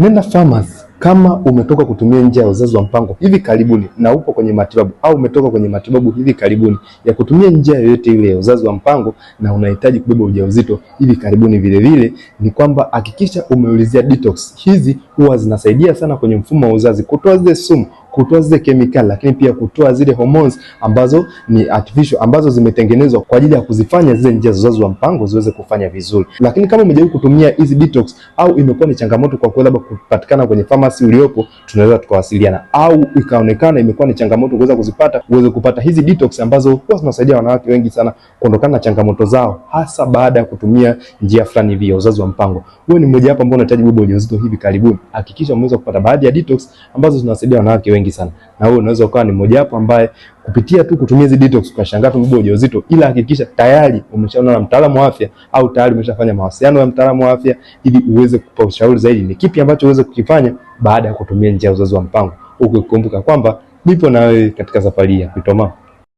Nenda Farmers kama umetoka kutumia njia ya uzazi wa mpango hivi karibuni na upo kwenye matibabu au umetoka kwenye matibabu hivi karibuni ya kutumia njia yoyote ile ya uzazi wa mpango na unahitaji kubeba ujauzito hivi karibuni, vilevile ni kwamba hakikisha umeulizia detox. Hizi huwa zinasaidia sana kwenye mfumo wa uzazi kutoa zile sumu kutoa zile kemikali, lakini pia kutoa zile hormones ambazo ni artificial, ambazo zimetengenezwa kwa ajili ya kuzifanya zile njia za uzazi wa mpango ziweze kufanya vizuri. Lakini kama umejaribu kutumia hizi detox au imekuwa ni changamoto kwa kuweza kupatikana kwenye pharmacy uliopo, tunaweza tukawasiliana, au ikaonekana imekuwa ni changamoto kuweza kuzipata, uweze kupata hizi detox ambazo huwa zinasaidia wanawake wengi sana kuondokana na changamoto zao, hasa baada ya kutumia njia fulani hivi ya uzazi wa mpango. Wewe ni mmoja hapa ambao unahitaji kubeba ujauzito hivi karibuni, hakikisha umeweza kupata baadhi ya detox ambazo zinasaidia wanawake wengi wengi sana, na wewe unaweza ukawa ni mmoja wapo ambaye kupitia tu kutumia hizi detox ukashangaa tumebeba ujauzito, ila hakikisha tayari umeshaona na mtaalamu wa afya au tayari umeshafanya mawasiliano ya mtaalamu wa afya ili uweze kupa ushauri zaidi ni kipi ambacho uweze kukifanya baada ya kutumia njia ya uzazi wa mpango, ukikumbuka kwamba nipo na wewe katika safari ya kuitoa